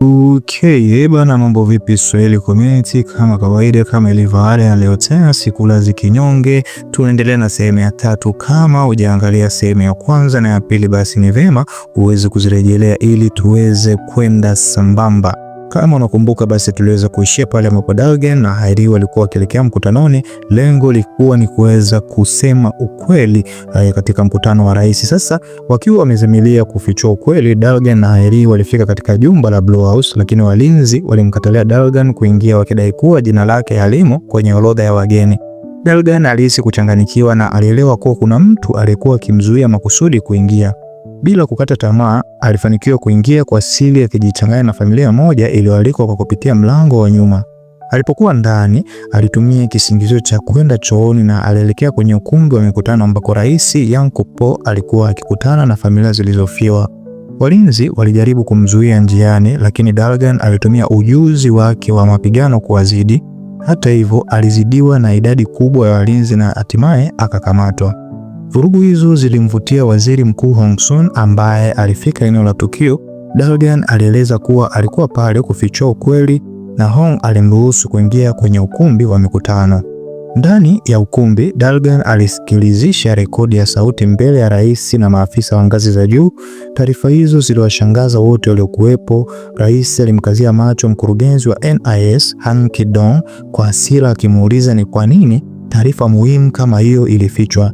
Okay, bana, mambo vipi Swahili community? Kama kawaida, kama ilivyo ada ya leo tena, sikulazi kinyonge, tunaendelea na sehemu ya tatu. Kama hujaangalia sehemu ya kwanza na ya pili, basi ni vema uweze kuzirejelea ili tuweze kwenda sambamba. Kama unakumbuka, basi tuliweza kuishia pale ambapo dalgan na Hairi walikuwa wakielekea mkutanoni. Lengo lilikuwa ni kuweza kusema ukweli eh, katika mkutano wa rais. Sasa wakiwa wamezimilia kufichua ukweli, dalgan na Hairi walifika katika jumba la Blue House, lakini walinzi walimkatalia dalgan kuingia, wakidai kuwa jina lake halimo kwenye orodha ya wageni. dalgan alihisi kuchanganyikiwa na alielewa kuwa kuna mtu aliyekuwa akimzuia makusudi kuingia. Bila kukata tamaa, alifanikiwa kuingia kwa siri akijichanganya na familia moja iliyoalikwa kwa kupitia mlango wa nyuma. Alipokuwa ndani, alitumia kisingizio cha kwenda chooni na alielekea kwenye ukumbi wa mikutano ambako Rais Kupo alikuwa akikutana na familia zilizofiwa. Walinzi walijaribu kumzuia njiani, lakini Dalgan alitumia ujuzi wake wa mapigano kuwazidi. Hata hivyo, alizidiwa na idadi kubwa ya walinzi na hatimaye akakamatwa. Vurugu hizo zilimvutia waziri mkuu Hong Sun ambaye alifika eneo la tukio. Dalgan alieleza kuwa alikuwa pale kufichua ukweli na Hong alimruhusu kuingia kwenye ukumbi wa mikutano. Ndani ya ukumbi, Dalgan alisikilizisha rekodi ya sauti mbele ya rais na maafisa wa ngazi za juu. Taarifa hizo ziliwashangaza wote waliokuwepo. Rais alimkazia macho mkurugenzi wa NIS Han Kidong kwa hasira, akimuuliza ni kwa nini taarifa muhimu kama hiyo ilifichwa.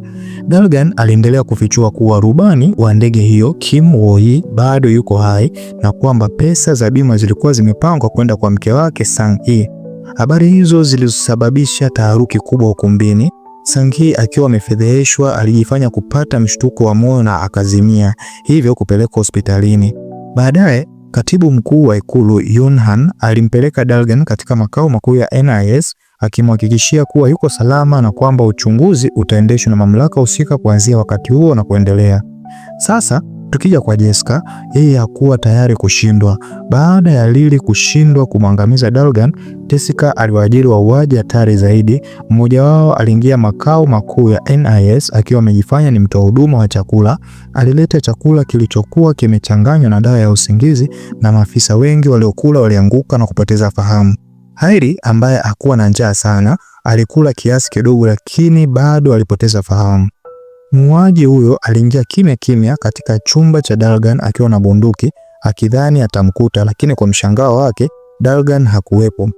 Galgan aliendelea kufichua kuwa rubani wa ndege hiyo Kim Woo-hee bado yuko hai na kwamba pesa za bima zilikuwa zimepangwa kwenda kwa mke wake Sang-hee. Habari hizo zilisababisha taharuki kubwa ukumbini. Sang-hee akiwa amefedheheshwa, alijifanya kupata mshtuko wa moyo na akazimia, hivyo kupelekwa hospitalini. Baadaye Katibu Mkuu wa Ikulu Yunhan alimpeleka Dalgan katika makao makuu ya NIS akimhakikishia kuwa yuko salama na kwamba uchunguzi utaendeshwa na mamlaka husika kuanzia wakati huo na kuendelea. Sasa tukija kwa Jessica, yeye hakuwa tayari kushindwa. Baada ya lili kushindwa kumwangamiza Dalgan, Jessica aliwaajiri wauaji hatari zaidi. Mmoja wao aliingia makao makuu ya NIS akiwa amejifanya ni mtoa huduma wa chakula. Alileta chakula kilichokuwa kimechanganywa na dawa ya usingizi, na maafisa wengi waliokula walianguka na kupoteza fahamu. Hairi ambaye hakuwa na njaa sana alikula kiasi kidogo, lakini bado alipoteza fahamu. Muuaji huyo aliingia kimya kimya katika chumba cha Dalgan akiwa na bunduki akidhani atamkuta, lakini kwa mshangao wake Dalgan hakuwepo.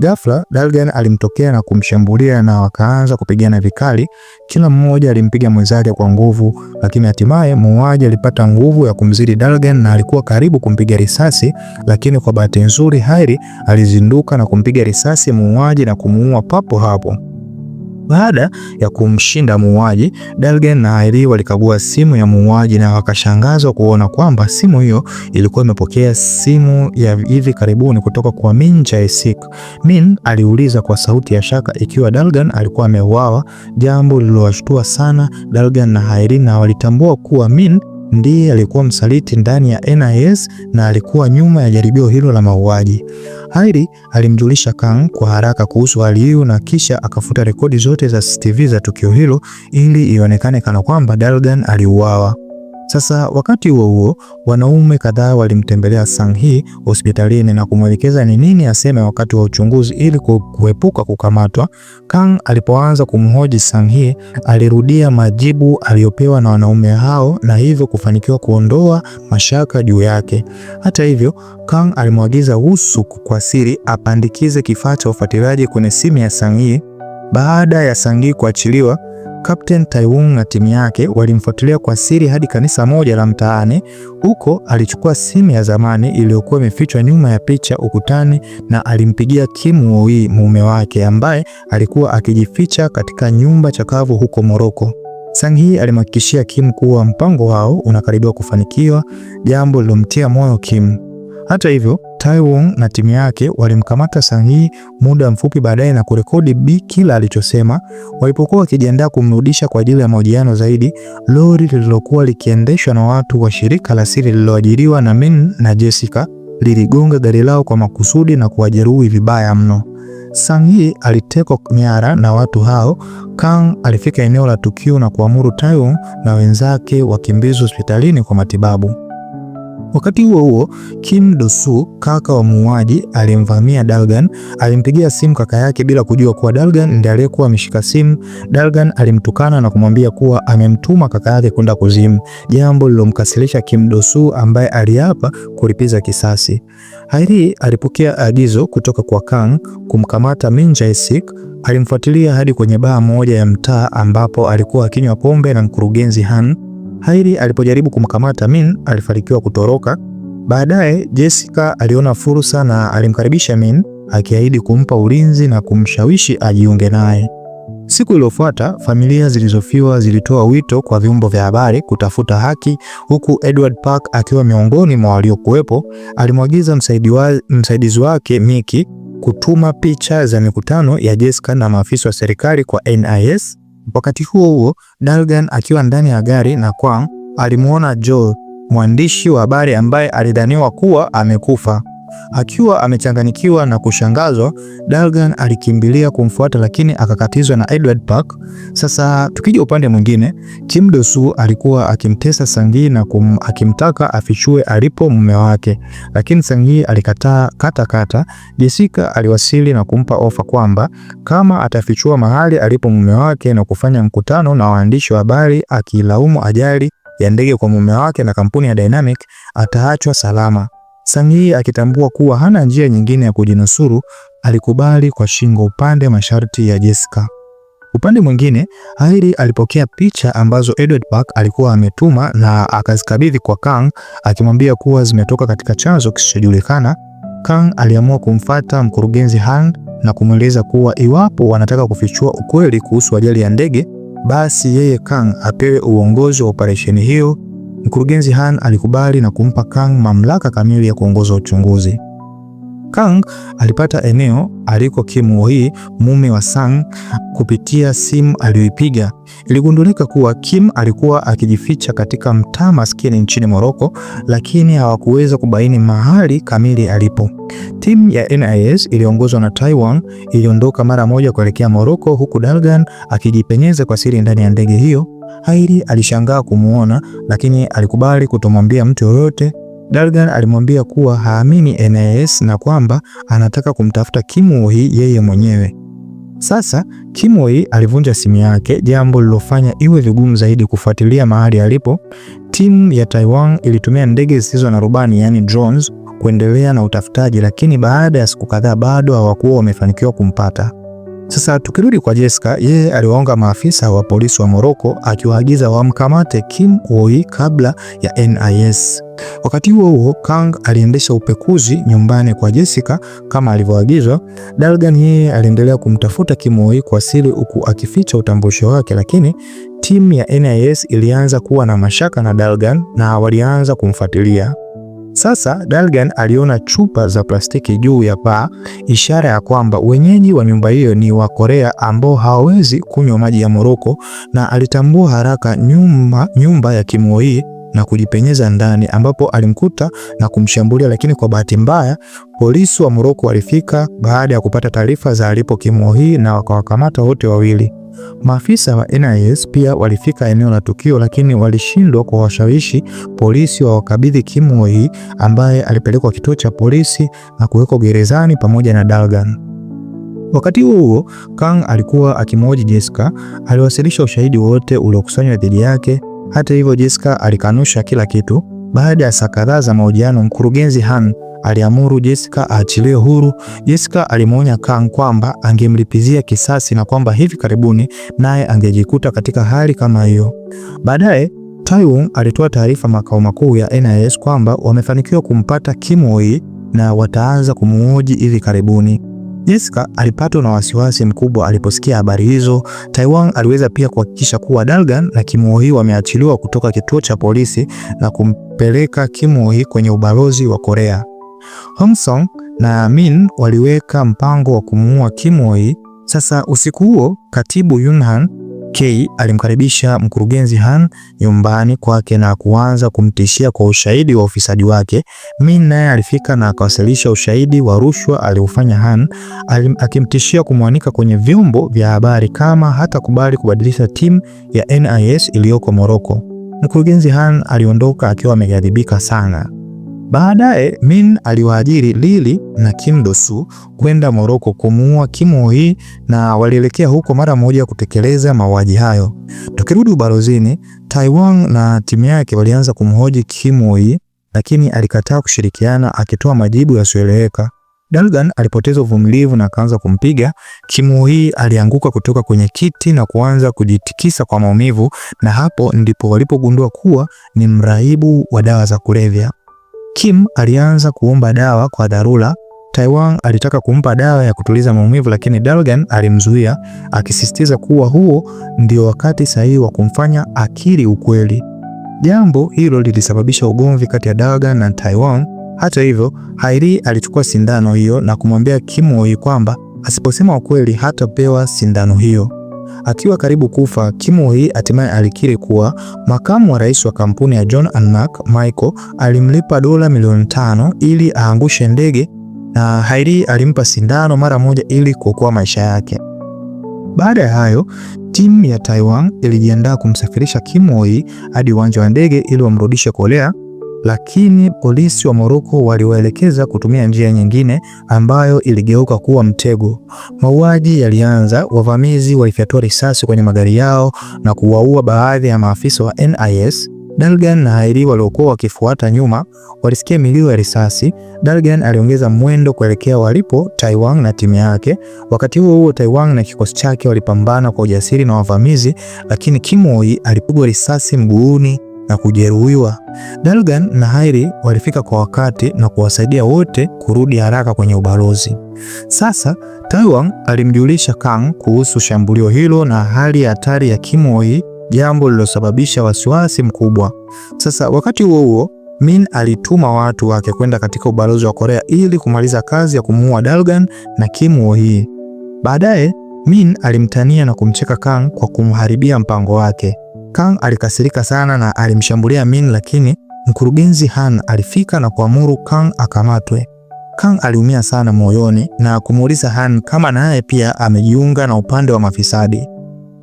Ghafla Dalgan alimtokea na kumshambulia na wakaanza kupigana vikali. Kila mmoja alimpiga mwenzake kwa nguvu, lakini hatimaye muuaji alipata nguvu ya kumzidi Dalgan na alikuwa karibu kumpiga risasi, lakini kwa bahati nzuri Hairi alizinduka na kumpiga risasi muuaji na kumuua papo hapo. Baada ya kumshinda muuaji, Dalgen na Hairi walikagua simu ya muuaji na wakashangazwa kuona kwamba simu hiyo ilikuwa imepokea simu ya hivi karibuni kutoka kwa Min Jae-sik. Min aliuliza kwa sauti ya shaka ikiwa Dalgan alikuwa ameuawa, jambo lililowashtua sana Dalgan na Hairi na walitambua kuwa Min ndiye alikuwa msaliti ndani ya NIS na alikuwa nyuma ya jaribio hilo la mauaji. Hairi alimjulisha Kang kwa haraka kuhusu hali hiyo na kisha akafuta rekodi zote za CCTV za tukio hilo ili ionekane kana kwamba Dalgan aliuawa. Sasa wakati huo huo, wanaume kadhaa walimtembelea Sang hospitalini na kumwelekeza ni nini aseme wakati wa uchunguzi ili kuepuka kukamatwa. Kang alipoanza kumhoji Sang alirudia majibu aliyopewa na wanaume hao na hivyo kufanikiwa kuondoa mashaka juu yake. Hata hivyo, Kang alimwagiza Woosuk kwa siri apandikize kifaa cha ufuatiliaji kwenye simu ya Sang Baada ya Sang kuachiliwa Captain Taiwung na timu yake walimfuatilia kwa siri hadi kanisa moja la mtaani. Huko alichukua simu ya zamani iliyokuwa imefichwa nyuma ya picha ukutani na alimpigia Kim Woo-hee mume wake ambaye alikuwa akijificha katika nyumba chakavu huko Moroko. Sang-hee alimhakikishia Kim kuwa mpango wao unakaribia kufanikiwa, jambo lilomtia moyo Kim. Hata hivyo Tyrone na timu yake walimkamata sang muda mfupi baadaye na kurekodi Bi kila alichosema. Walipokuwa wakijiandaa kumrudisha kwa ajili ya mahojiano zaidi, lori lililokuwa likiendeshwa na watu wa shirika la siri lililoajiriwa na Min na Jessica liligonga gari lao kwa makusudi na kuwajeruhi vibaya mno. sang alitekwa nyara na watu hao. Kang alifika eneo la tukio na kuamuru Tyrone na wenzake wakimbizwe hospitalini kwa matibabu. Wakati huo huo, Kim Dosu, kaka wa muuaji aliyemvamia Dalgan, alimpigia simu kaka yake bila kujua kuwa Dalgan ndiye aliyekuwa ameshika simu. Dalgan alimtukana na kumwambia kuwa amemtuma kaka yake kwenda kuzimu, jambo lilomkasirisha Kim Dosu ambaye aliapa kulipiza kisasi. Hairi alipokea agizo kutoka kwa Kang kumkamata Min Jae-sik. Alimfuatilia hadi kwenye baa moja ya mtaa ambapo alikuwa akinywa pombe na mkurugenzi Han hairi alipojaribu kumkamata Min, alifanikiwa kutoroka. Baadaye Jessica aliona fursa na alimkaribisha Min akiahidi kumpa ulinzi na kumshawishi ajiunge naye. Siku iliyofuata familia zilizofiwa zilitoa wito kwa vyombo vya habari kutafuta haki, huku Edward Park akiwa miongoni mwa waliokuwepo. Alimwagiza msaidizi msaidizi wake Mickey kutuma picha za mikutano ya Jessica na maafisa wa serikali kwa NIS Wakati huo huo, Dalgan akiwa ndani ya gari na Kwang alimuona Joel, mwandishi wa habari ambaye alidhaniwa kuwa amekufa. Akiwa amechanganyikiwa na kushangazwa, Dalgan alikimbilia kumfuata lakini akakatizwa na Edward Park. Sasa tukija upande mwingine, Kim Dosu alikuwa akimtesa Sangi na kum, akimtaka afichue alipo mume wake, lakini Sangi alikataa kata kata. Jessica aliwasili na kumpa ofa kwamba kama atafichua mahali alipo mume wake na kufanya mkutano na waandishi wa habari akilaumu ajali ya ndege kwa mume wake na kampuni ya Dynamic, ataachwa salama sangi akitambua kuwa hana njia nyingine ya kujinusuru, alikubali kwa shingo upande masharti ya Jessica. Upande mwingine, Hairi alipokea picha ambazo Edward Park alikuwa ametuma na akazikabidhi kwa Kang akimwambia kuwa zimetoka katika chanzo kisichojulikana. Kang aliamua kumfata mkurugenzi Han na kumweleza kuwa iwapo wanataka kufichua ukweli kuhusu ajali ya ndege, basi yeye Kang apewe uongozi wa operesheni hiyo Mkurugenzi Han alikubali na kumpa Kang mamlaka kamili ya kuongoza uchunguzi. Kang alipata eneo aliko Kim Wohi, mume wa Sang, kupitia simu aliyoipiga. Iligundulika kuwa Kim alikuwa akijificha katika mtaa maskini nchini Morocco, lakini hawakuweza kubaini mahali kamili alipo. Timu ya NIS iliongozwa na Taiwan iliondoka mara moja kuelekea Morocco, huku Dalgan akijipenyeza kwa siri ndani ya ndege hiyo hairi alishangaa kumuona, lakini alikubali kutomwambia mtu yoyote. Dalgan alimwambia kuwa haamini NIS na kwamba anataka kumtafuta Kimoi yeye mwenyewe. Sasa Kimoi alivunja simu yake, jambo lilofanya iwe vigumu zaidi kufuatilia mahali alipo. Timu ya Taiwan ilitumia ndege zisizo na rubani yani drones kuendelea na utafutaji, lakini baada ya siku kadhaa bado hawakuwa wamefanikiwa kumpata. Sasa tukirudi kwa Jessica, yeye aliwaonga maafisa wa polisi wa Moroko akiwaagiza wamkamate Kim Woi kabla ya NIS. Wakati huo huo, Kang aliendesha upekuzi nyumbani kwa Jessica kama alivyoagizwa. Dalgan yeye aliendelea kumtafuta Kim Woi kwa siri huku akificha utambulisho wake, lakini timu ya NIS ilianza kuwa na mashaka na Dalgan na walianza kumfuatilia. Sasa Dalgan aliona chupa za plastiki juu ya paa, ishara ya kwamba wenyeji wa nyumba hiyo ni wa Korea ambao hawawezi kunywa maji ya Moroko, na alitambua haraka nyumba, nyumba ya Kimoi na kujipenyeza ndani ambapo alimkuta na kumshambulia, lakini kwa bahati mbaya polisi wa Moroko walifika baada ya kupata taarifa za alipo Kimoi na wakawakamata wote wawili. Maafisa wa NIS pia walifika eneo la tukio, lakini walishindwa kuwashawishi polisi wa wakabidhi kimoi ambaye alipelekwa kituo cha polisi na kuwekwa gerezani pamoja na Dalgan. Wakati huo huo, Kang alikuwa akimhoji Jessica, aliwasilisha ushahidi wote uliokusanywa dhidi yake. Hata hivyo, Jessica alikanusha kila kitu. Baada ya saa kadhaa za mahojiano, mkurugenzi Han aliamuru Jessica aachiliwe huru. Jessica alimwonya Kang kwamba angemlipizia kisasi na kwamba hivi karibuni naye angejikuta katika hali kama hiyo. Baadaye Taiwan alitoa taarifa makao makuu ya NIS kwamba wamefanikiwa kumpata Kimoi na wataanza kumuoji hivi karibuni. Jessica alipatwa na wasiwasi mkubwa aliposikia habari hizo. Taiwan aliweza pia kuhakikisha kuwa Dalgan na Kimohi wameachiliwa kutoka kituo cha polisi na kumpeleka Kimohi kwenye ubalozi wa Korea. Hong-song na Min waliweka mpango wa kumuua Kim Woo-hee. Sasa usiku huo, katibu Yunhan K alimkaribisha mkurugenzi Han nyumbani kwake na kuanza kumtishia kwa ushahidi wa ufisadi wake. Min naye alifika na akawasilisha ushahidi wa rushwa aliofanya Han, akimtishia kumwanika kwenye vyombo vya habari kama hatakubali kubadilisha timu ya NIS iliyoko Morocco. Mkurugenzi Han aliondoka akiwa ameghadhibika sana. Baadaye Min aliwaajiri Lili na Kindosu kwenda Moroko kumuua Kimohi na walielekea huko mara moja kutekeleza mauaji hayo. Tukirudi ubalozini, Taiwan na timu yake walianza kumhoji Kimohi lakini alikataa kushirikiana akitoa majibu yasiyoeleweka. Dalgan alipoteza uvumilivu na akaanza kumpiga Kimuhii. Alianguka kutoka kwenye kiti na kuanza kujitikisa kwa maumivu, na hapo ndipo walipogundua kuwa ni mraibu wa dawa za kulevya. Kim alianza kuomba dawa kwa dharura. Taiwan alitaka kumpa dawa ya kutuliza maumivu, lakini Dalgan alimzuia akisisitiza kuwa huo ndio wakati sahihi wa kumfanya akiri ukweli. Jambo hilo lilisababisha ugomvi kati ya Dalgan na Taiwan. Hata hivyo, Hairi alichukua sindano hiyo na kumwambia Kim kwamba asiposema ukweli hatapewa sindano hiyo. Akiwa karibu kufa, kimohi hatimaye alikiri kuwa makamu wa rais wa kampuni ya John and Mark Michael alimlipa dola milioni tano ili aangushe ndege na Hairi alimpa sindano mara moja ili kuokoa maisha yake. Baada ya hayo, timu ya Taiwan ilijiandaa kumsafirisha kimohi hadi uwanja wa ndege ili wamrudishe Korea lakini polisi wa Moroko waliwaelekeza kutumia njia nyingine ambayo iligeuka kuwa mtego. Mauaji yalianza, wavamizi walifyatua risasi kwenye magari yao na kuwaua baadhi ya maafisa wa NIS. Dalgan na Hairi waliokuwa wakifuata nyuma walisikia milio ya risasi. Dalgan aliongeza mwendo kuelekea walipo Taiwan na timu yake. Wakati huo huo, Taiwan na kikosi chake walipambana kwa ujasiri na wavamizi, lakini Kimoi alipigwa risasi mguuni na kujeruhiwa. Dalgan na Hairi walifika kwa wakati na kuwasaidia wote kurudi haraka kwenye ubalozi. Sasa Taiwan alimjulisha Kang kuhusu shambulio hilo na hali ya hatari ya Kimoi, jambo lililosababisha wasiwasi mkubwa. Sasa wakati huo huo Min alituma watu wake kwenda katika ubalozi wa Korea ili kumaliza kazi ya kumuua Dalgan na Kim hii Baadaye Min alimtania na kumcheka Kang kwa kumharibia mpango wake. Kang alikasirika sana na alimshambulia Min, lakini mkurugenzi Han alifika na kuamuru Kang akamatwe. Kang aliumia sana moyoni na kumuuliza Han kama naye pia amejiunga na upande wa mafisadi.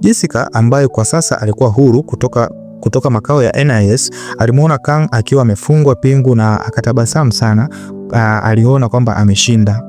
Jessica ambaye kwa sasa alikuwa huru kutoka, kutoka makao ya NIS alimwona Kang akiwa amefungwa pingu na akatabasamu sana. aliona kwamba ameshinda.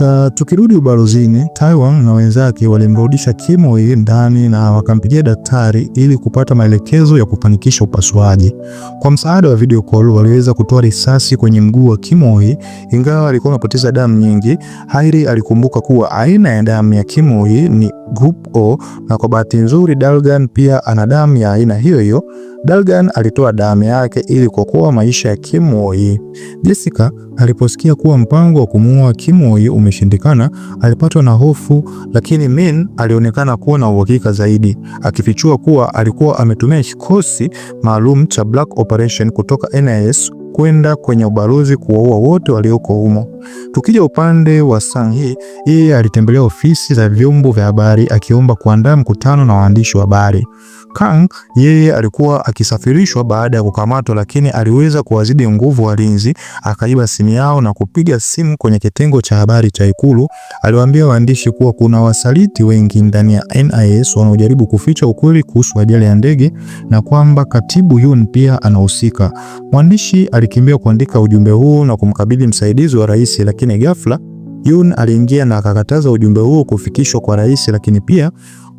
Hata tukirudi ubalozini, Taiwan na wenzake walimrudisha Kimoyi ndani na wakampigia daktari ili kupata maelekezo ya kufanikisha upasuaji. Kwa msaada wa video call, waliweza kutoa risasi kwenye mguu wa Kimoyi. Ingawa alikuwa anapoteza damu nyingi, Hairi alikumbuka kuwa aina ya damu ya Kimoyi ni group O, na kwa bahati nzuri Dalgan pia ana damu ya aina hiyo hiyo. Dalgan alitoa damu yake ili kuokoa maisha ya Kimoi. Jessica aliposikia kuwa mpango wa kumuua Kimoi umeshindikana, alipatwa na hofu, lakini Min alionekana kuwa na uhakika zaidi, akifichua kuwa alikuwa ametumia kikosi maalum cha Black Operation kutoka NIS kwenda kwenye ubalozi kuwaua wote walioko humo. Tukija upande wa Sanghi, yeye alitembelea ofisi za vyombo vya habari akiomba kuandaa mkutano na waandishi wa habari. Kang yeye alikuwa akisafirishwa baada ya kukamatwa, lakini aliweza kuwazidi nguvu walinzi, akaiba simu yao na kupiga simu kwenye kitengo cha habari cha Ikulu. Aliwaambia waandishi kuwa kuna wasaliti wengi ndani ya NIS wanaojaribu kuficha ukweli kuhusu ajali ya ndege na kwamba katibu Yun pia anahusika. Mwandishi ali alikimbia kuandika ujumbe huu na kumkabidhi msaidizi wa rais, lakini ghafla Yun aliingia na akakataza ujumbe huo kufikishwa kwa rais, lakini pia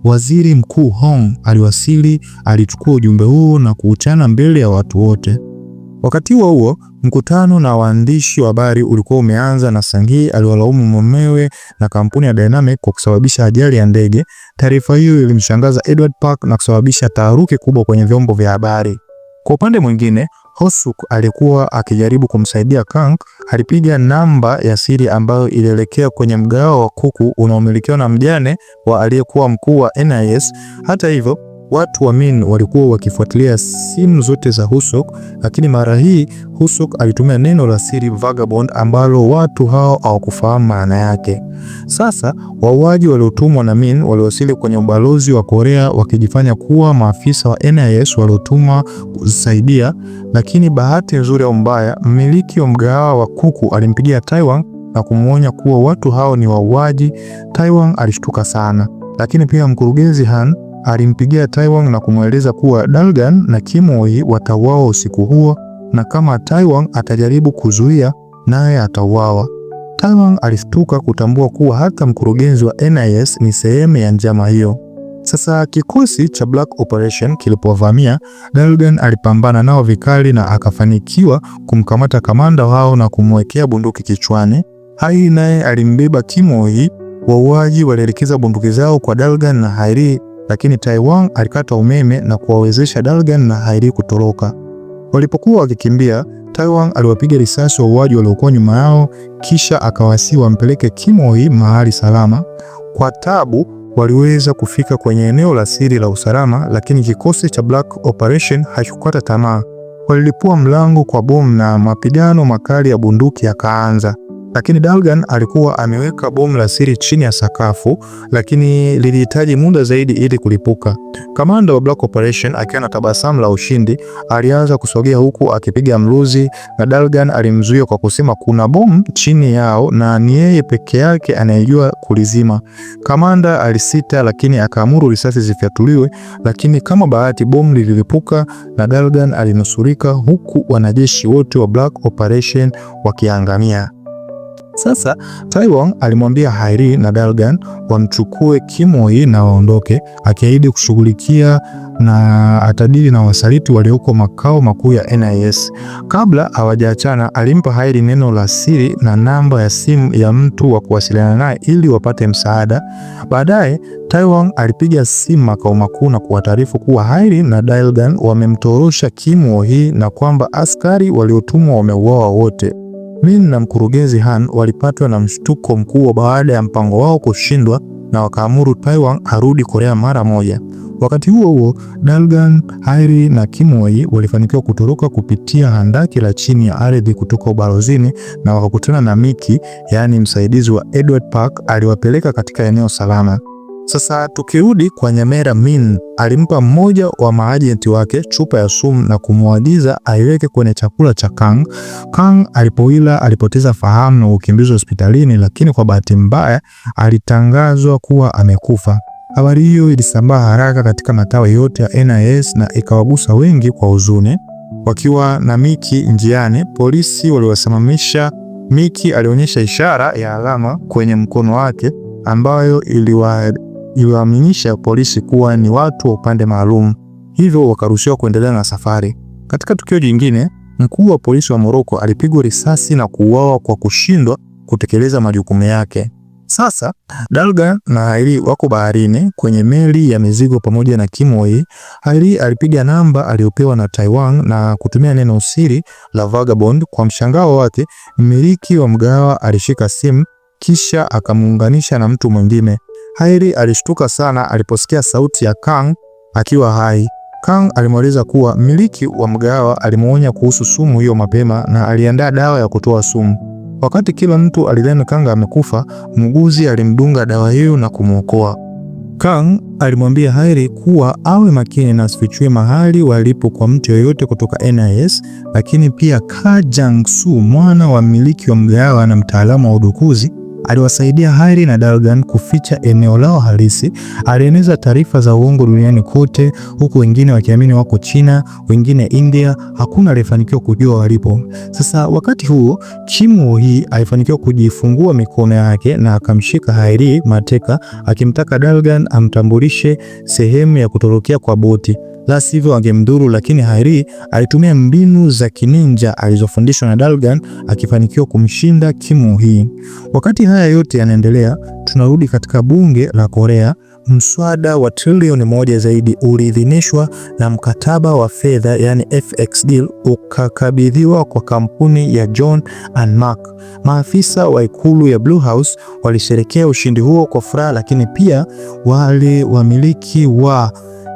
waziri mkuu Hong aliwasili, alichukua ujumbe huo na kuuchana mbele ya watu wote. Wakati huo huo, mkutano na waandishi wa habari ulikuwa umeanza na Sangi aliwalaumu mumewe na kampuni ya Dynamic kwa kusababisha ajali ya ndege. Taarifa hiyo ilimshangaza Edward Park na kusababisha taharuki kubwa kwenye vyombo vya habari. Kwa upande mwingine, hosuk alikuwa akijaribu kumsaidia Kang, alipiga namba ya siri ambayo ilielekea kwenye mgao wa kuku unaomilikiwa na mjane wa aliyekuwa mkuu wa NIS. Hata hivyo Watu wa Min walikuwa wakifuatilia simu zote za Husok, lakini mara hii Husok alitumia neno la siri vagabond ambalo watu hao hawakufahamu maana yake. Sasa wauaji waliotumwa na Min waliwasili kwenye ubalozi wa Korea wakijifanya kuwa maafisa wa NIS waliotumwa kusaidia, lakini bahati nzuri au mbaya, mmiliki wa mgahawa wa kuku alimpigia Taiwan na kumwonya kuwa watu hao ni wauaji. Taiwan alishtuka sana, lakini pia mkurugenzi Han alimpigia Taiwan na kumweleza kuwa Dalgan na Kimoi watauawa usiku huo na kama Taiwan atajaribu kuzuia naye atauawa. Taiwan alishtuka kutambua kuwa hata mkurugenzi wa NIS ni sehemu ya njama hiyo. Sasa kikosi cha Black Operation kilipovamia, Dalgan alipambana nao vikali na akafanikiwa kumkamata kamanda wao na kumwekea bunduki kichwani. Hai naye alimbeba Kimoi. Wauaji walielekeza bunduki zao kwa Dalgan na Hairi lakini Taiwan alikata umeme na kuwawezesha Dalgan na Haili kutoroka. Walipokuwa wakikimbia, Taiwan aliwapiga risasi wauaji waliokuwa nyuma yao, kisha akawasii wampeleke Kimoi mahali salama. Kwa tabu waliweza kufika kwenye eneo la siri la usalama, lakini kikosi cha Black Operation hakikukata tamaa. Walilipua mlango kwa bomu na mapigano makali ya bunduki yakaanza lakini Dalgan alikuwa ameweka bomu la siri chini ya sakafu, lakini lilihitaji muda zaidi ili kulipuka. Kamanda wa Black Operation akiwa na tabasamu la ushindi alianza kusogea huku akipiga mluzi, na Dalgan alimzuia kwa kusema kuna bomu chini yao na ni yeye peke yake anayejua kulizima. Kamanda alisita, lakini akaamuru risasi zifyatuliwe, lakini kama bahati bomu lililipuka na Dalgan alinusurika, huku wanajeshi wote wa Black Operation wakiangamia. Sasa Taiwan alimwambia Hairi na Dalgan wamchukue Kimoi na waondoke, akiahidi kushughulikia na atadili na wasaliti walioko makao makuu ya NIS. Kabla hawajaachana, alimpa Hairi neno la siri na namba ya simu ya mtu wa kuwasiliana naye ili wapate msaada. Baadaye Taiwan alipiga simu makao makuu na kuwataarifu kuwa Hairi na Dalgan wamemtorosha Kimoi na kwamba askari waliotumwa wameuawa wote. Min na mkurugenzi Han walipatwa na mshtuko mkubwa baada ya mpango wao kushindwa na wakaamuru Taiwan arudi Korea mara moja. Wakati huo huo, Dalgan, Hairi na Kimoi walifanikiwa kutoroka kupitia handaki la chini ya ardhi kutoka ubalozini na wakakutana na Miki, yaani msaidizi wa Edward Park, aliwapeleka katika eneo salama. Sasa tukirudi kwa Nyamera, Min alimpa mmoja wa maajenti wake chupa ya sumu na kumwagiza aiweke kwenye chakula cha Kang. Kang alipoila alipoteza fahamu na ukimbizwa hospitalini, lakini kwa bahati mbaya alitangazwa kuwa amekufa. Habari hiyo ilisambaa haraka katika matawi yote ya NIS na ikawagusa wengi kwa huzuni. Wakiwa na Miki njiani, polisi waliwasimamisha. Miki alionyesha ishara ya alama kwenye mkono wake ambayo iliwa iliwaaminisha polisi kuwa ni watu wa upande maalum, hivyo wakaruhusiwa kuendelea na safari. Katika tukio jingine, mkuu wa polisi wa Moroko alipigwa risasi na kuuawa kwa kushindwa kutekeleza majukumu yake. Sasa Dalga na hairi wako baharini kwenye meli ya mizigo pamoja na Kimoi. hairi alipiga namba aliyopewa na Taiwan na kutumia neno siri la Vagabond. Kwa mshangao wake, mmiliki wa mgawa alishika simu kisha akamuunganisha na mtu mwingine. Hairi alishtuka sana aliposikia sauti ya Kang akiwa hai. Kang alimweleza kuwa mmiliki wa mgahawa alimuonya kuhusu sumu hiyo mapema na aliandaa dawa ya kutoa sumu. Wakati kila mtu alidhani Kang amekufa, muuguzi alimdunga dawa hiyo na kumwokoa. Kang alimwambia Hairi kuwa awe makini na asifichwe mahali walipo kwa mtu yoyote kutoka NIS, lakini pia Ka Jang-su, mwana wa mmiliki wa mgahawa na mtaalamu wa udukuzi aliwasaidia Harry na Dalgan kuficha eneo lao halisi. Alieneza taarifa za uongo duniani kote, huku wengine wakiamini wako China, wengine India. Hakuna aliyefanikiwa kujua walipo. Sasa wakati huo Chimu hii alifanikiwa kujifungua mikono yake na akamshika Harry mateka, akimtaka Dalgan amtambulishe sehemu ya kutorokea kwa boti la sivyo angemdhuru, lakini Hairi alitumia mbinu za kininja alizofundishwa na Dalgan akifanikiwa kumshinda Kimu hii Wakati haya yote yanaendelea, tunarudi katika bunge la Korea. Mswada wa trilioni moja zaidi uliidhinishwa na mkataba wa fedha yani FX deal ukakabidhiwa kwa kampuni ya John and Mark. Maafisa wa ikulu ya Blue House walisherekea ushindi huo kwa furaha, lakini pia wale wamiliki wa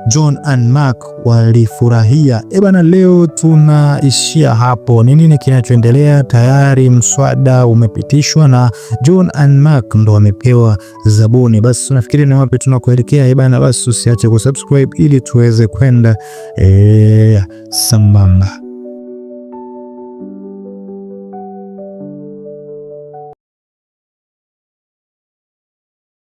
John and Mark walifurahia. E bana, leo tunaishia hapo. Ni nini kinachoendelea? Tayari mswada umepitishwa na John and Mark ndo wamepewa zabuni. Basi tunafikiri ni wapi tunakuelekea? E eh bana, basi usiache kusubscribe ili tuweze kwenda e, sambamba.